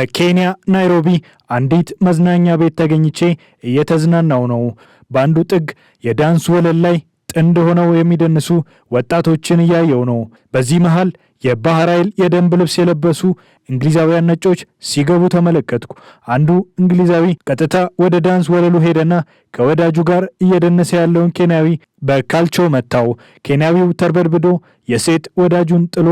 በኬንያ ናይሮቢ አንዲት መዝናኛ ቤት ተገኝቼ እየተዝናናው ነው። በአንዱ ጥግ የዳንስ ወለል ላይ ጥንድ ሆነው የሚደንሱ ወጣቶችን እያየው ነው። በዚህ መሃል የባህር ኃይል የደንብ ልብስ የለበሱ እንግሊዛውያን ነጮች ሲገቡ ተመለከትኩ። አንዱ እንግሊዛዊ ቀጥታ ወደ ዳንስ ወለሉ ሄደና ከወዳጁ ጋር እየደነሰ ያለውን ኬንያዊ በካልቾ መታው። ኬንያዊው ተርበድብዶ የሴት ወዳጁን ጥሎ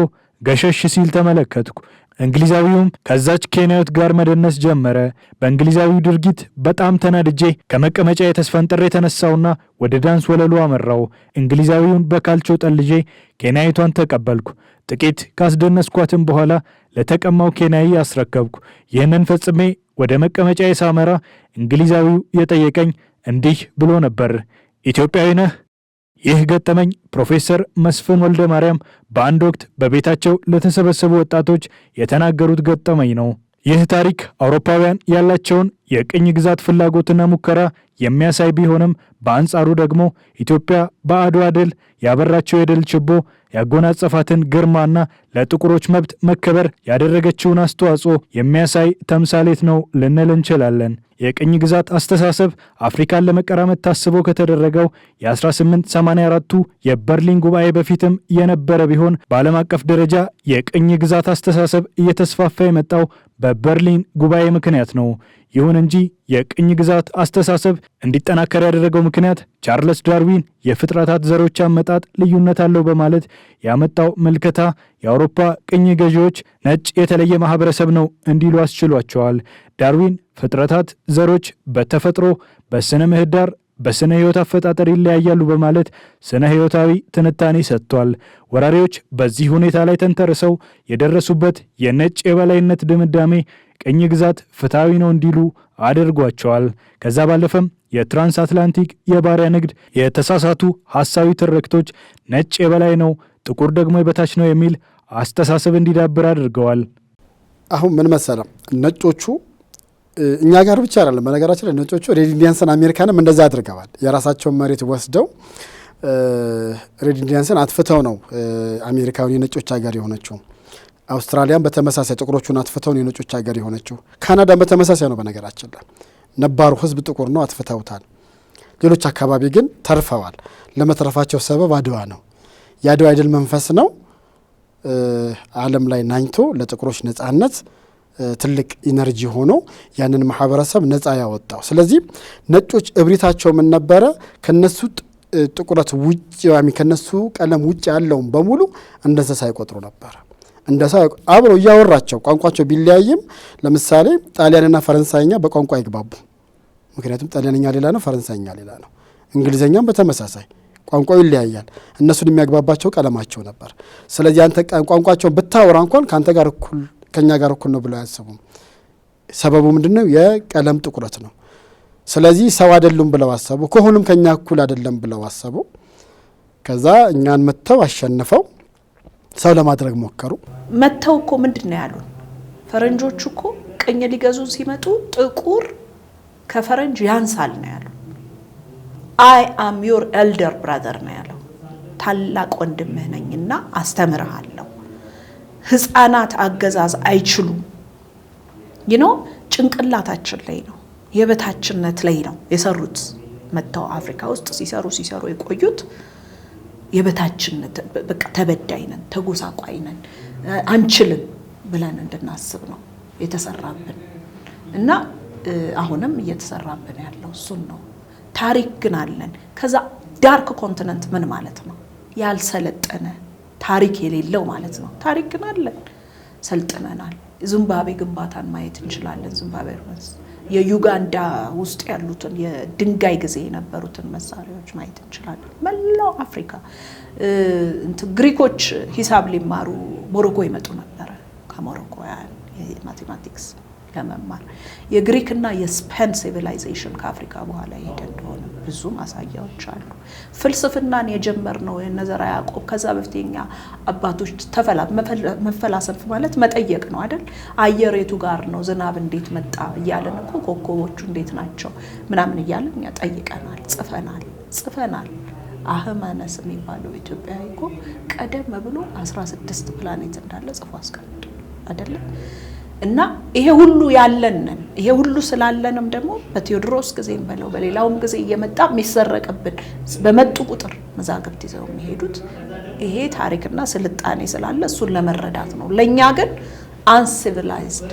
ገሸሽ ሲል ተመለከትኩ። እንግሊዛዊውም ከዛች ኬንያዊት ጋር መደነስ ጀመረ። በእንግሊዛዊው ድርጊት በጣም ተናድጄ ከመቀመጫ የተስፈንጥሬ የተነሳውና ወደ ዳንስ ወለሉ አመራው። እንግሊዛዊውን በካልቾ ጠልጄ ኬንያዊቷን ተቀበልኩ። ጥቂት ካስደነስኳትም በኋላ ለተቀማው ኬንያዊ አስረከብኩ። ይህንን ፈጽሜ ወደ መቀመጫ ሳመራ እንግሊዛዊው የጠየቀኝ እንዲህ ብሎ ነበር፣ ኢትዮጵያዊ ነህ? ይህ ገጠመኝ ፕሮፌሰር መስፍን ወልደ ማርያም በአንድ ወቅት በቤታቸው ለተሰበሰቡ ወጣቶች የተናገሩት ገጠመኝ ነው። ይህ ታሪክ አውሮፓውያን ያላቸውን የቅኝ ግዛት ፍላጎትና ሙከራ የሚያሳይ ቢሆንም በአንጻሩ ደግሞ ኢትዮጵያ በአድዋ ድል ያበራቸው የድል ችቦ ያጎናጸፋትን ግርማና ለጥቁሮች መብት መከበር ያደረገችውን አስተዋጽኦ የሚያሳይ ተምሳሌት ነው ልንል እንችላለን። የቅኝ ግዛት አስተሳሰብ አፍሪካን ለመቀራመት ታስቦ ከተደረገው የ1884ቱ የበርሊን ጉባኤ በፊትም የነበረ ቢሆን በዓለም አቀፍ ደረጃ የቅኝ ግዛት አስተሳሰብ እየተስፋፋ የመጣው በበርሊን ጉባኤ ምክንያት ነው። ይሁን እንጂ የቅኝ ግዛት አስተሳሰብ እንዲጠናከር ያደረገው ምክንያት ቻርለስ ዳርዊን የፍጥረታት ዘሮች አመጣጥ ልዩነት አለው በማለት ያመጣው ምልከታ የአውሮፓ ቅኝ ገዢዎች ነጭ የተለየ ማህበረሰብ ነው እንዲሉ አስችሏቸዋል። ዳርዊን ፍጥረታት፣ ዘሮች በተፈጥሮ በስነ ምህዳር በስነ ህይወት አፈጣጠር ይለያያሉ በማለት ስነ ህይወታዊ ትንታኔ ሰጥቷል። ወራሪዎች በዚህ ሁኔታ ላይ ተንተርሰው የደረሱበት የነጭ የበላይነት ድምዳሜ ቅኝ ግዛት ፍትሐዊ ነው እንዲሉ አድርጓቸዋል። ከዛ ባለፈም የትራንስ አትላንቲክ የባሪያ ንግድ፣ የተሳሳቱ ሐሳዊ ትርክቶች ነጭ የበላይ ነው ጥቁር ደግሞ የበታች ነው የሚል አስተሳሰብ እንዲዳብር አድርገዋል። አሁን ምን መሰለ ነጮቹ እኛ ጋር ብቻ አይደለም። በነገራችን ላይ ነጮቹ ሬድ ኢንዲያንስን አሜሪካንም እንደዛ አድርገዋል። የራሳቸውን መሬት ወስደው ሬድ ኢንዲያንስን አትፍተው ነው አሜሪካውን የነጮች ሀገር የሆነችው። አውስትራሊያን በተመሳሳይ ጥቁሮቹን አጥፍተው ነው የነጮች ሀገር የሆነችው። ካናዳን በተመሳሳይ ነው። በነገራችን ላይ ነባሩ ህዝብ ጥቁር ነው፣ አትፍተውታል። ሌሎች አካባቢ ግን ተርፈዋል። ለመትረፋቸው ሰበብ አድዋ ነው። የአድዋ ድል መንፈስ ነው ዓለም ላይ ናኝቶ ለጥቁሮች ነጻነት ትልቅ ኢነርጂ ሆኖ ያንን ማህበረሰብ ነጻ ያወጣው። ስለዚህ ነጮች እብሪታቸው ምን ነበረ? ከነሱ ጥቁረት ውጭ ከነሱ ቀለም ውጭ ያለውን በሙሉ እንደ እንስሳ ይቆጥሩ ነበረ። እንደ ሰው አብሮ እያወራቸው ቋንቋቸው ቢለያይም፣ ለምሳሌ ጣሊያንና ፈረንሳይኛ በቋንቋ አይግባቡ። ምክንያቱም ጣሊያንኛ ሌላ ነው፣ ፈረንሳይኛ ሌላ ነው። እንግሊዝኛም በተመሳሳይ ቋንቋው ይለያያል። እነሱን የሚያግባባቸው ቀለማቸው ነበር። ስለዚህ አንተ ቋንቋቸውን ብታወራ እንኳን ከአንተ ጋር እኩል ከእኛ ጋር እኩል ነው ብለው አያስቡም። ሰበቡ ምንድን ነው? የቀለም ጥቁረት ነው። ስለዚህ ሰው አይደሉም ብለው አሰቡ። ከሆኑም ከእኛ እኩል አይደለም ብለው አሰቡ። ከዛ እኛን መጥተው አሸንፈው ሰው ለማድረግ ሞከሩ። መጥተው እኮ ምንድን ነው ያሉን ፈረንጆቹ እኮ ቅኝ ሊገዙን ሲመጡ ጥቁር ከፈረንጅ ያንሳል ነው ያሉ አይ አም ዮር ኤልደር ብራዘር ነው ያለው። ታላቅ ወንድምህ ነኝና አስተምርሃለሁ። ህፃናት አገዛዝ አይችሉም። ይኖ ጭንቅላታችን ላይ ነው የበታችነት ላይ ነው የሰሩት። መጥተው አፍሪካ ውስጥ ሲሰሩ ሲሰሩ የቆዩት የበታችነት በቃ ተበዳይ ነን፣ ተጎሳቋይ ነን፣ አንችልም ብለን እንድናስብ ነው የተሰራብን እና አሁንም እየተሰራብን ያለው እሱን ነው። ታሪክ ግን አለን። ከዛ ዳርክ ኮንቲነንት ምን ማለት ነው? ያልሰለጠነ ታሪክ የሌለው ማለት ነው። ታሪክ ግን አለን፣ ሰልጥነናል። ዚምባብዌ ግንባታን ማየት እንችላለን። ዚምባብዌ የዩጋንዳ ውስጥ ያሉትን የድንጋይ ጊዜ የነበሩትን መሳሪያዎች ማየት እንችላለን። መላው አፍሪካ ግሪኮች ሂሳብ ሊማሩ ሞሮኮ ይመጡ ነበረ ከሞሮኮ ማቴማቲክስ ለመማር የግሪክና የስፔን ሲቪላይዜሽን ከአፍሪካ በኋላ የሄደ እንደሆነ ብዙ ማሳያዎች አሉ። ፍልስፍናን የጀመርነው የነዘራ ያዕቆብ ከዛ በፊት የኛ አባቶች መፈላሰፍ ማለት መጠየቅ ነው አይደል? አየሬቱ ጋር ነው? ዝናብ እንዴት መጣ? እያለን እኮ ኮከቦቹ እንዴት ናቸው ምናምን እያለን እኛ ጠይቀናል፣ ጽፈናል ጽፈናል። አህመነስ የሚባለው ኢትዮጵያዊ እኮ ቀደም ብሎ 16 ፕላኔት እንዳለ ጽፎ አስቀምጧል አይደለም? እና ይሄ ሁሉ ያለንን ይሄ ሁሉ ስላለንም ደግሞ በቴዎድሮስ ጊዜም በለው በሌላውም ጊዜ እየመጣ የሚሰረቅብን በመጡ ቁጥር መዛግብት ይዘው የሚሄዱት ይሄ ታሪክና ስልጣኔ ስላለ እሱን ለመረዳት ነው። ለእኛ ግን አንሲቪላይዝድ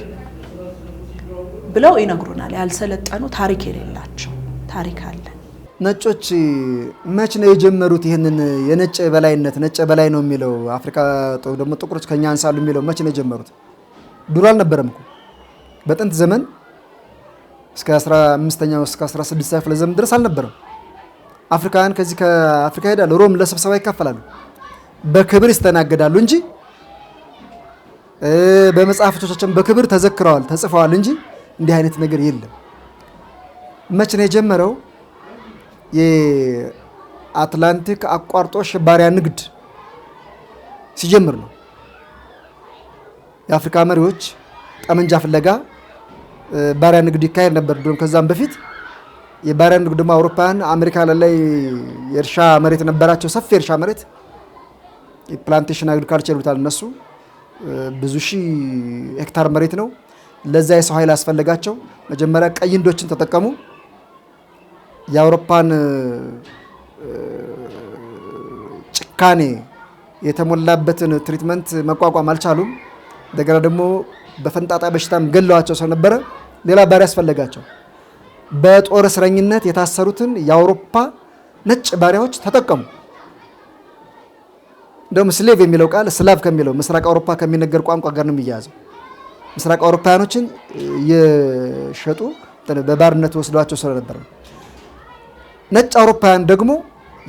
ብለው ይነግሩናል። ያልሰለጠኑ ታሪክ የሌላቸው ታሪክ አለ። ነጮች መች ነው የጀመሩት? ይህንን የነጭ በላይነት ነጭ በላይ ነው የሚለው አፍሪካ ደግሞ ጥቁሮች ከኛ አንሳሉ የሚለው መች ነው የጀመሩት? ድሮ አልነበረም እኮ በጥንት ዘመን እስከ 15ኛው እስከ 16ኛው ክፍለ ዘመን ድረስ አልነበረም። አፍሪካውያን ከዚህ ከአፍሪካ ሄዳሉ፣ ሮም ለስብሰባ ይካፈላሉ፣ በክብር ይስተናገዳሉ እንጂ በመጽሐፍቶቻቸው በክብር ተዘክረዋል ተጽፈዋል እንጂ እንዲህ አይነት ነገር የለም። መቼ ነው የጀመረው? የአትላንቲክ አቋርጦ ሸባሪያ ንግድ ሲጀምር ነው። የአፍሪካ መሪዎች ጠመንጃ ፍለጋ ባሪያ ንግድ ይካሄድ ነበር። ድሮም ከዛም በፊት የባሪያ ንግድ ደግሞ አውሮፓውያን አሜሪካ ላይ የእርሻ መሬት ነበራቸው፣ ሰፊ የእርሻ መሬት የፕላንቴሽን አግሪካልቸር ይሉታል እነሱ። ብዙ ሺህ ሄክታር መሬት ነው። ለዛ የሰው ኃይል አስፈለጋቸው መጀመሪያ ቀይ ህንዶችን ተጠቀሙ። የአውሮፓን ጭካኔ የተሞላበትን ትሪትመንት መቋቋም አልቻሉም። እንደገና ደግሞ በፈንጣጣ በሽታም ገለዋቸው ስለነበረ ሌላ ባሪያ አስፈለጋቸው። በጦር እስረኝነት የታሰሩትን የአውሮፓ ነጭ ባሪያዎች ተጠቀሙ። እንደውም ስሌቭ የሚለው ቃል ስላቭ ከሚለው ምስራቅ አውሮፓ ከሚነገር ቋንቋ ጋር ነው የሚያያዘው። ምስራቅ አውሮፓውያኖችን የሸጡ በባርነት ወስደዋቸው ስለነበረ ነጭ አውሮፓውያን ደግሞ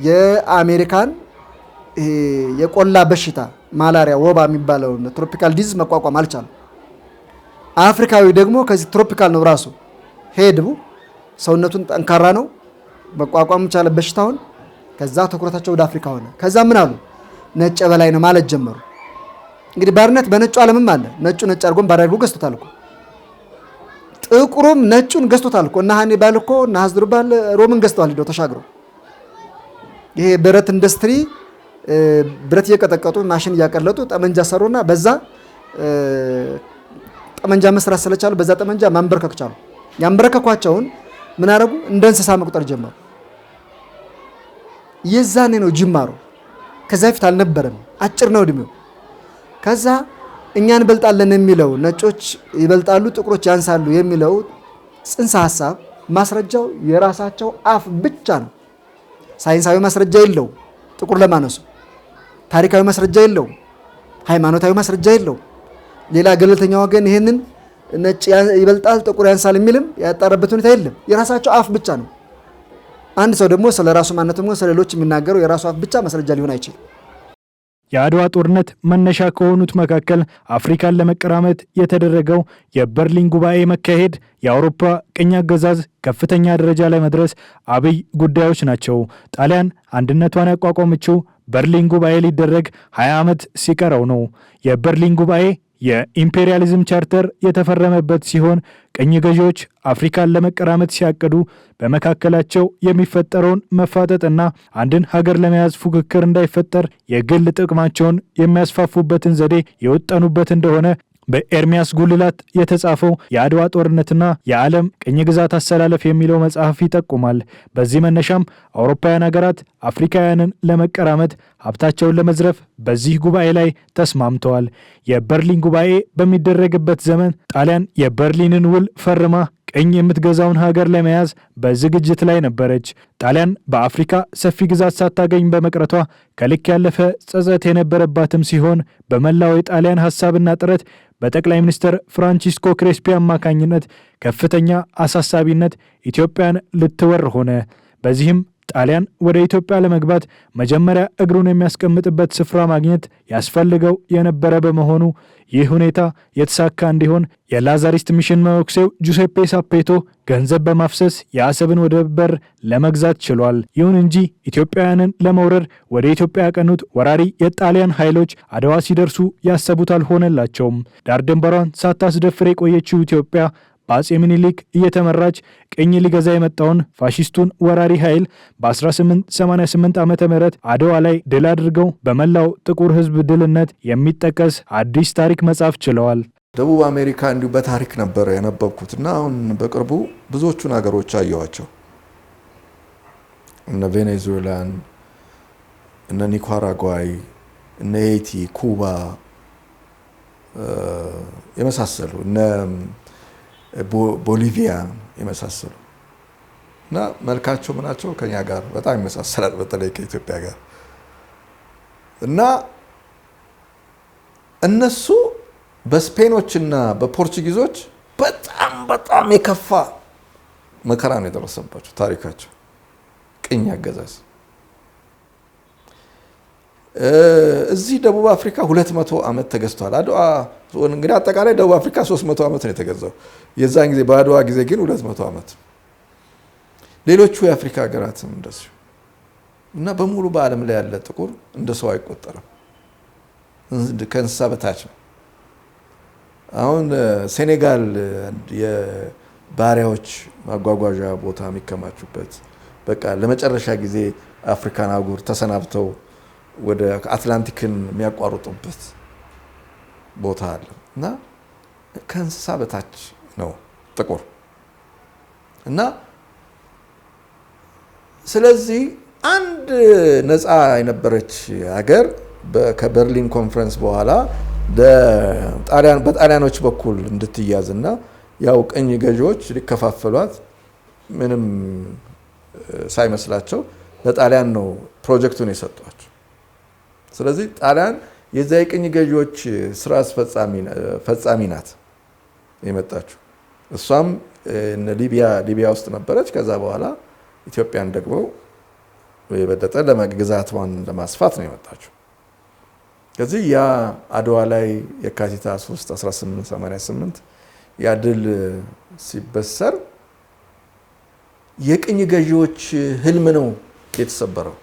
የአሜሪካን የቆላ በሽታ ማላሪያ፣ ወባ የሚባለው ትሮፒካል ዲዝ መቋቋም አልቻለም። አፍሪካዊ ደግሞ ከዚህ ትሮፒካል ነው ራሱ ሄድቡ ሰውነቱን ጠንካራ ነው መቋቋም ቻለ በሽታውን። ከዛ ትኩረታቸው ወደ አፍሪካ ሆነ። ከዛ ምን አሉ ነጭ በላይ ነው ማለት ጀመሩ። እንግዲህ ባርነት በነጩ ዓለምም አለ። ነጩ ነጭ አድርጎም ባር አድርጎ ገዝቶታል እኮ ጥቁሩም ነጩን ገዝቶታል እኮ እና ሃኒባል እኮ እና ሀዝድሩባል ሮምን ገዝተዋል ሄደው ተሻግረው ይሄ ብረት ኢንዱስትሪ ብረት እየቀጠቀጡ ማሽን እያቀለጡ ጠመንጃ ሰሩና በዛ ጠመንጃ መስራት ስለቻሉ በዛ ጠመንጃ ማንበርከክ ቻሉ። ያንበረከኳቸውን ምን አረጉ? እንደ እንስሳ መቁጠር ጀመሩ። የዛኔ ነው ጅማሩ። ከዛ ፊት አልነበረም። አጭር ነው እድሜው። ከዛ እኛ እንበልጣለን የሚለው ነጮች ይበልጣሉ፣ ጥቁሮች ያንሳሉ የሚለው ጽንሰ ሀሳብ ማስረጃው የራሳቸው አፍ ብቻ ነው። ሳይንሳዊ ማስረጃ የለው ጥቁር ለማነሱ ታሪካዊ ማስረጃ የለውም። ሃይማኖታዊ ማስረጃ የለውም። ሌላ ገለልተኛ ወገን ይህንን ነጭ ይበልጣል ጥቁር ያንሳል የሚልም ያጣረበት ሁኔታ የለም። የራሳቸው አፍ ብቻ ነው። አንድ ሰው ደግሞ ስለ ራሱ ማንነቱም ስለ ሌሎች የሚናገረው የራሱ አፍ ብቻ ማስረጃ ሊሆን አይችልም። የአድዋ ጦርነት መነሻ ከሆኑት መካከል አፍሪካን ለመቀራመት የተደረገው የበርሊን ጉባኤ መካሄድ፣ የአውሮፓ ቅኝ አገዛዝ ከፍተኛ ደረጃ ላይ መድረስ አብይ ጉዳዮች ናቸው። ጣሊያን አንድነቷን ያቋቋመችው በርሊን ጉባኤ ሊደረግ 20 ዓመት ሲቀረው ነው። የበርሊን ጉባኤ የኢምፔሪያሊዝም ቻርተር የተፈረመበት ሲሆን ቅኝ ገዢዎች አፍሪካን ለመቀራመት ሲያቅዱ በመካከላቸው የሚፈጠረውን መፋጠጥና አንድን ሀገር ለመያዝ ፉክክር እንዳይፈጠር የግል ጥቅማቸውን የሚያስፋፉበትን ዘዴ የወጠኑበት እንደሆነ በኤርሚያስ ጉልላት የተጻፈው የአድዋ ጦርነትና የዓለም ቅኝ ግዛት አሰላለፍ የሚለው መጽሐፍ ይጠቁማል። በዚህ መነሻም አውሮፓውያን ሀገራት አፍሪካውያንን ለመቀራመት ሀብታቸውን ለመዝረፍ በዚህ ጉባኤ ላይ ተስማምተዋል። የበርሊን ጉባኤ በሚደረግበት ዘመን ጣሊያን የበርሊንን ውል ፈርማ ቅኝ የምትገዛውን ሀገር ለመያዝ በዝግጅት ላይ ነበረች። ጣሊያን በአፍሪካ ሰፊ ግዛት ሳታገኝ በመቅረቷ ከልክ ያለፈ ጸጸት የነበረባትም ሲሆን በመላው የጣሊያን ሀሳብና ጥረት በጠቅላይ ሚኒስትር ፍራንቺስኮ ክሬስፒ አማካኝነት ከፍተኛ አሳሳቢነት ኢትዮጵያን ልትወር ሆነ። በዚህም ጣሊያን ወደ ኢትዮጵያ ለመግባት መጀመሪያ እግሩን የሚያስቀምጥበት ስፍራ ማግኘት ያስፈልገው የነበረ በመሆኑ ይህ ሁኔታ የተሳካ እንዲሆን የላዛሪስት ሚሽን መወክሴው ጁሴፔ ሳፔቶ ገንዘብ በማፍሰስ የአሰብን ወደብ በር ለመግዛት ችሏል። ይሁን እንጂ ኢትዮጵያውያንን ለመውረር ወደ ኢትዮጵያ ያቀኑት ወራሪ የጣሊያን ኃይሎች አድዋ ሲደርሱ ያሰቡት አልሆነላቸውም። ዳር ድንበሯን ሳታስደፍር የቆየችው ኢትዮጵያ በአጼ ምኒልክ እየተመራች ቅኝ ሊገዛ የመጣውን ፋሽስቱን ወራሪ ኃይል በ1888 ዓ ም አድዋ ላይ ድል አድርገው በመላው ጥቁር ሕዝብ ድልነት የሚጠቀስ አዲስ ታሪክ መጻፍ ችለዋል። ደቡብ አሜሪካ እንዲሁ በታሪክ ነበረ የነበብኩት እና አሁን በቅርቡ ብዙዎቹን ሀገሮች አየኋቸው። እነ ቬኔዙዌላን፣ እነ ኒካራጓይ፣ እነ ሄይቲ፣ ኩባ የመሳሰሉ ቦሊቪያ የመሳሰሉ እና መልካቸው ምናቸው ከኛ ጋር በጣም ይመሳሰላል፣ በተለይ ከኢትዮጵያ ጋር እና እነሱ በስፔኖችና በፖርቹጊዞች በጣም በጣም የከፋ መከራ ነው የደረሰባቸው ታሪካቸው ቅኝ አገዛዝ እዚህ ደቡብ አፍሪካ 200 ዓመት ተገዝቷል። አድዋ እንግዲህ አጠቃላይ ደቡብ አፍሪካ 300 ዓመት ነው የተገዛው። የዛን ጊዜ በአድዋ ጊዜ ግን 200 ዓመት። ሌሎቹ የአፍሪካ ሀገራትም እንደዚሁ እና በሙሉ በዓለም ላይ ያለ ጥቁር እንደ ሰው አይቆጠርም፣ ከእንስሳ በታች ነው። አሁን ሴኔጋል የባሪያዎች ማጓጓዣ ቦታ የሚከማቹበት በቃ ለመጨረሻ ጊዜ አፍሪካን አህጉር ተሰናብተው ወደ አትላንቲክን የሚያቋርጡበት ቦታ አለ እና ከእንስሳ በታች ነው ጥቁር እና ስለዚህ አንድ ነፃ የነበረች ሀገር ከበርሊን ኮንፈረንስ በኋላ በጣሊያኖች በኩል እንድትያዝ እና ያው ቅኝ ገዢዎች ሊከፋፈሏት ምንም ሳይመስላቸው ለጣሊያን ነው ፕሮጀክቱን የሰጧቸው። ስለዚህ ጣሊያን የዛ የቅኝ ገዢዎች ስራ ፈጻሚ ናት የመጣችው። እሷም ሊቢያ ሊቢያ ውስጥ ነበረች። ከዛ በኋላ ኢትዮጵያን ደግሞ የበለጠ ለመግዛቷን ለማስፋት ነው የመጣችው። ከዚህ ያ አድዋ ላይ የካቲት 3 1888 ያ ድል ሲበሰር የቅኝ ገዢዎች ህልም ነው የተሰበረው፣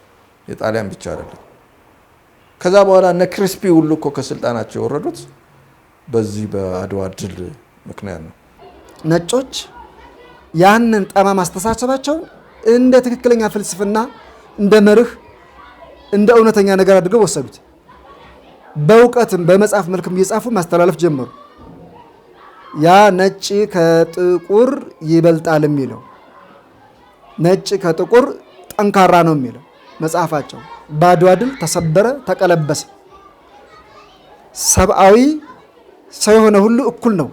የጣሊያን ብቻ አይደለም። ከዛ በኋላ እነ ክሪስፒ ሁሉ እኮ ከስልጣናቸው የወረዱት በዚህ በአድዋ ድል ምክንያት ነው። ነጮች ያንን ጠማማ አስተሳሰባቸውን እንደ ትክክለኛ ፍልስፍና፣ እንደ መርህ፣ እንደ እውነተኛ ነገር አድርገው ወሰዱት። በእውቀትም በመጽሐፍ መልክም እየጻፉ ማስተላለፍ ጀመሩ። ያ ነጭ ከጥቁር ይበልጣል የሚለው ነጭ ከጥቁር ጠንካራ ነው የሚለው መጽሐፋቸው በአድዋ ድል ተሰበረ፣ ተቀለበሰ። ሰብአዊ ሰው የሆነ ሁሉ እኩል ነው።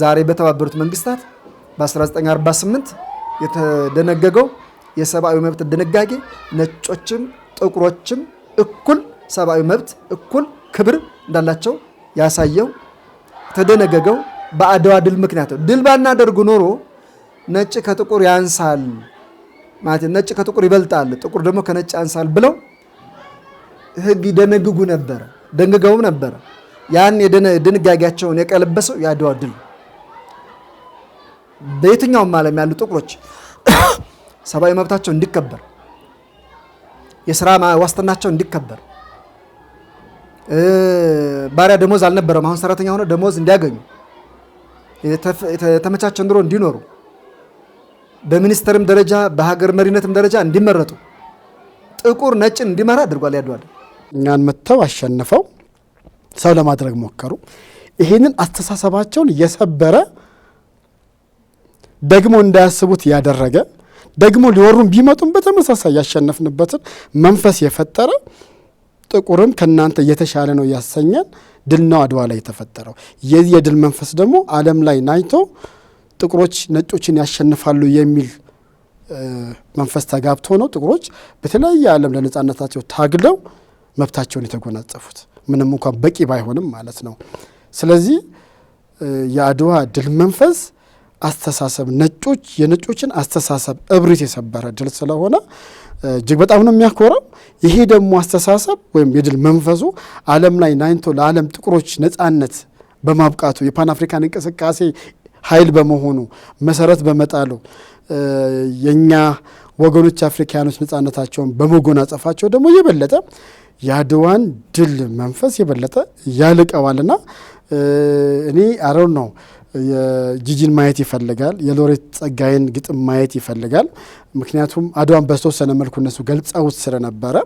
ዛሬ በተባበሩት መንግስታት በ1948 የተደነገገው የሰብአዊ መብት ድንጋጌ ነጮችም ጥቁሮችም እኩል ሰብአዊ መብት እኩል ክብር እንዳላቸው ያሳየው የተደነገገው በአድዋ ድል ምክንያት ነው። ድል ባናደርጉ ኖሮ ነጭ ከጥቁር ያንሳል ማለት ነጭ ከጥቁር ይበልጣል፣ ጥቁር ደግሞ ከነጭ አንሳል ብለው ህግ ይደነግጉ ነበረ፣ ደንግገውም ነበረ። ያን ድንጋጌያቸውን የቀለበሰው የአድዋ ድል በየትኛውም ዓለም ያሉ ጥቁሮች ሰብአዊ መብታቸው እንዲከበር፣ የስራ ዋስትናቸው እንዲከበር፣ ባሪያ ደሞዝ አልነበረም። አሁን ሰራተኛ ሆነው ደሞዝ እንዲያገኙ፣ የተመቻቸ ኑሮ እንዲኖሩ በሚኒስተርም ደረጃ በሀገር መሪነትም ደረጃ እንዲመረጡ ጥቁር ነጭን እንዲመራ አድርጓል። ያድዋል እኛን መጥተው አሸንፈው ሰው ለማድረግ ሞከሩ። ይህንን አስተሳሰባቸውን እየሰበረ ደግሞ እንዳያስቡት ያደረገ ደግሞ ሊወሩን ቢመጡም በተመሳሳይ ያሸነፍንበትን መንፈስ የፈጠረ ጥቁርም ከእናንተ እየተሻለ ነው ያሰኘን ድል ነው አድዋ ላይ የተፈጠረው። የዚህ የድል መንፈስ ደግሞ ዓለም ላይ ናይቶ ጥቁሮች ነጮችን ያሸንፋሉ የሚል መንፈስ ተጋብቶ ነው ጥቁሮች በተለያየ ዓለም ለነጻነታቸው ታግለው መብታቸውን የተጎናጸፉት ምንም እንኳን በቂ ባይሆንም ማለት ነው። ስለዚህ የአድዋ ድል መንፈስ አስተሳሰብ ነጮች የነጮችን አስተሳሰብ እብሪት የሰበረ ድል ስለሆነ እጅግ በጣም ነው የሚያኮረው ይሄ ደግሞ አስተሳሰብ ወይም የድል መንፈሱ ዓለም ላይ ናኝቶ ለዓለም ጥቁሮች ነጻነት በማብቃቱ የፓን አፍሪካን እንቅስቃሴ ኃይል በመሆኑ መሰረት በመጣሉ የእኛ ወገኖች አፍሪካያኖች ነጻነታቸውን በመጎናጸፋቸው ደግሞ የበለጠ የአድዋን ድል መንፈስ የበለጠ ያልቀዋልና እኔ አረው ነው የጂጂን ማየት ይፈልጋል። የሎሬት ጸጋዬን ግጥም ማየት ይፈልጋል። ምክንያቱም አድዋን በተወሰነ መልኩ እነሱ ገልጸውት ስለነበረ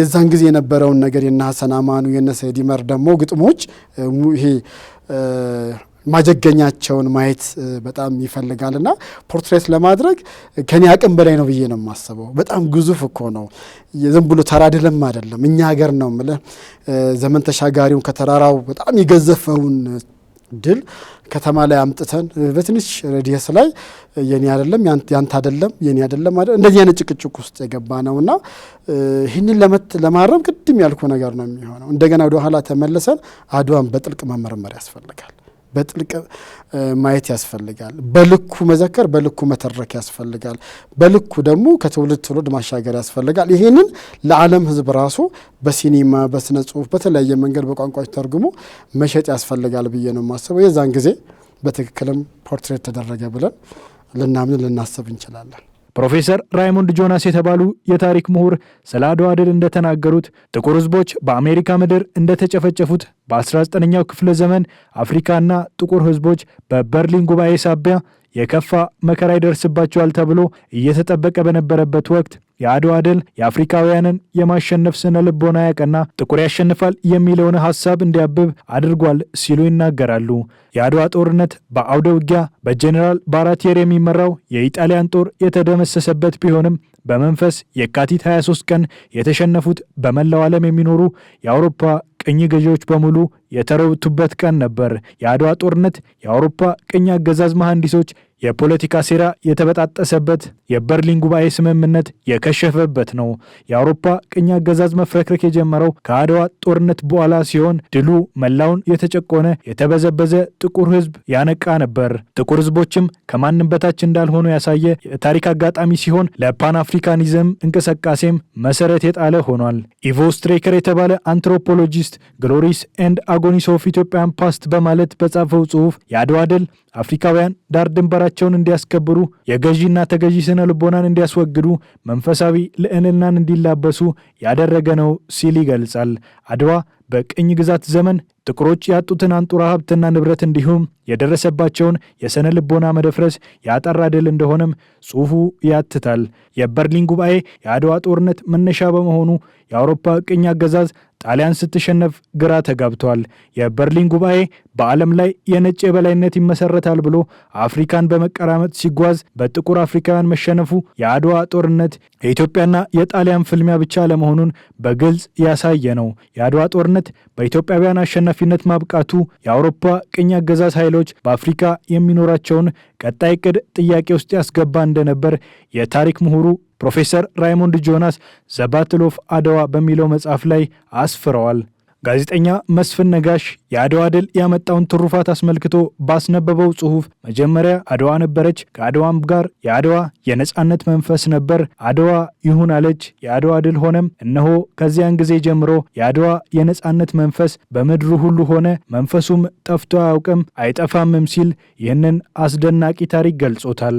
የዛን ጊዜ የነበረውን ነገር የነ ሀሰን አማኑ የነ ሰይድ ደግሞ ግጥሞች ይሄ ማጀገኛቸውን ማየት በጣም ይፈልጋል እና ፖርትሬት ለማድረግ ከኔ አቅም በላይ ነው ብዬ ነው የማስበው። በጣም ግዙፍ እኮ ነው። ዝም ብሎ ተራ ድልም አይደለም። እኛ ሀገር ነው የምልህ ዘመን ተሻጋሪውን ከተራራው በጣም የገዘፈውን ድል ከተማ ላይ አምጥተን በትንሽ ረዲየስ ላይ የኔ አይደለም ያንተ አይደለም የኔ አይደለም እንደዚህ አይነት ጭቅጭቅ ውስጥ የገባ ነው እና ይህንን ለማረም ቅድም ያልኩ ነገር ነው የሚሆነው። እንደገና ወደ ኋላ ተመልሰን አድዋን በጥልቅ መመርመር ያስፈልጋል። በጥልቅ ማየት ያስፈልጋል። በልኩ መዘከር፣ በልኩ መተረክ ያስፈልጋል። በልኩ ደግሞ ከትውልድ ትውልድ ማሻገር ያስፈልጋል። ይህንን ለዓለም ሕዝብ ራሱ በሲኒማ በስነ ጽሁፍ፣ በተለያየ መንገድ በቋንቋዎች ተርጉሞ መሸጥ ያስፈልጋል ብዬ ነው የማስበው። የዛን ጊዜ በትክክልም ፖርትሬት ተደረገ ብለን ልናምን ልናስብ እንችላለን። ፕሮፌሰር ራይሞንድ ጆናስ የተባሉ የታሪክ ምሁር ስለ አድዋ ድል እንደተናገሩት ጥቁር ህዝቦች በአሜሪካ ምድር እንደተጨፈጨፉት በ19ኛው ክፍለ ዘመን አፍሪካና ጥቁር ህዝቦች በበርሊን ጉባኤ ሳቢያ የከፋ መከራ ይደርስባቸዋል ተብሎ እየተጠበቀ በነበረበት ወቅት የአድዋ ድል የአፍሪካውያንን የማሸነፍ ስነ ልቦና ያቀና ጥቁር ያሸንፋል የሚለውን ሀሳብ እንዲያብብ አድርጓል ሲሉ ይናገራሉ። የአድዋ ጦርነት በአውደ ውጊያ በጄኔራል ባራቴር የሚመራው የኢጣሊያን ጦር የተደመሰሰበት ቢሆንም በመንፈስ የካቲት 23 ቀን የተሸነፉት በመላው ዓለም የሚኖሩ የአውሮፓ ቅኝ ገዢዎች በሙሉ የተረቱበት ቀን ነበር። የአድዋ ጦርነት የአውሮፓ ቅኝ አገዛዝ መሐንዲሶች የፖለቲካ ሴራ የተበጣጠሰበት የበርሊን ጉባኤ ስምምነት የከሸፈበት ነው። የአውሮፓ ቅኝ አገዛዝ መፍረክረክ የጀመረው ከአድዋ ጦርነት በኋላ ሲሆን ድሉ መላውን የተጨቆነ የተበዘበዘ ጥቁር ሕዝብ ያነቃ ነበር። ጥቁር ሕዝቦችም ከማንም በታች እንዳልሆኑ ያሳየ የታሪክ አጋጣሚ ሲሆን ለፓን አፍሪካኒዝም እንቅስቃሴም መሰረት የጣለ ሆኗል። ኢቮ ስትሬከር የተባለ አንትሮፖሎጂስት ግሎሪስ ኤንድ አጎኒስ ኦፍ ኢትዮጵያን ፓስት በማለት በጻፈው ጽሁፍ የአድዋ ድል አፍሪካውያን ዳር ድንበራ ድንበራቸውን እንዲያስከብሩ፣ የገዢና ተገዢ ስነ ልቦናን እንዲያስወግዱ፣ መንፈሳዊ ልዕልናን እንዲላበሱ ያደረገ ነው ሲል ይገልጻል። አድዋ በቅኝ ግዛት ዘመን ጥቁሮች ያጡትን አንጡራ ሀብትና ንብረት እንዲሁም የደረሰባቸውን የሰነ ልቦና መደፍረስ ያጠራ ድል እንደሆነም ጽሑፉ ያትታል። የበርሊን ጉባኤ የአድዋ ጦርነት መነሻ በመሆኑ የአውሮፓ ቅኝ አገዛዝ ጣሊያን ስትሸነፍ ግራ ተጋብቷል። የበርሊን ጉባኤ በዓለም ላይ የነጭ የበላይነት ይመሰረታል ብሎ አፍሪካን በመቀራመጥ ሲጓዝ በጥቁር አፍሪካውያን መሸነፉ የአድዋ ጦርነት የኢትዮጵያና የጣሊያን ፍልሚያ ብቻ ለመሆኑን በግልጽ ያሳየ ነው። የአድዋ ጦርነት በኢትዮጵያውያን አሸነፍ ኃላፊነት ማብቃቱ የአውሮፓ ቅኝ አገዛዝ ኃይሎች በአፍሪካ የሚኖራቸውን ቀጣይ ቅድ ጥያቄ ውስጥ ያስገባ እንደነበር የታሪክ ምሁሩ ፕሮፌሰር ራይሞንድ ጆናስ ዘባትሎፍ ኦፍ አድዋ በሚለው መጽሐፍ ላይ አስፍረዋል። ጋዜጠኛ መስፍን ነጋሽ የአድዋ ድል ያመጣውን ትሩፋት አስመልክቶ ባስነበበው ጽሑፍ መጀመሪያ አድዋ ነበረች፣ ከአድዋም ጋር የአድዋ የነጻነት መንፈስ ነበር። አድዋ ይሁን አለች፣ የአድዋ ድል ሆነም። እነሆ ከዚያን ጊዜ ጀምሮ የአድዋ የነጻነት መንፈስ በምድሩ ሁሉ ሆነ፣ መንፈሱም ጠፍቶ አያውቅም አይጠፋምም ሲል ይህንን አስደናቂ ታሪክ ገልጾታል።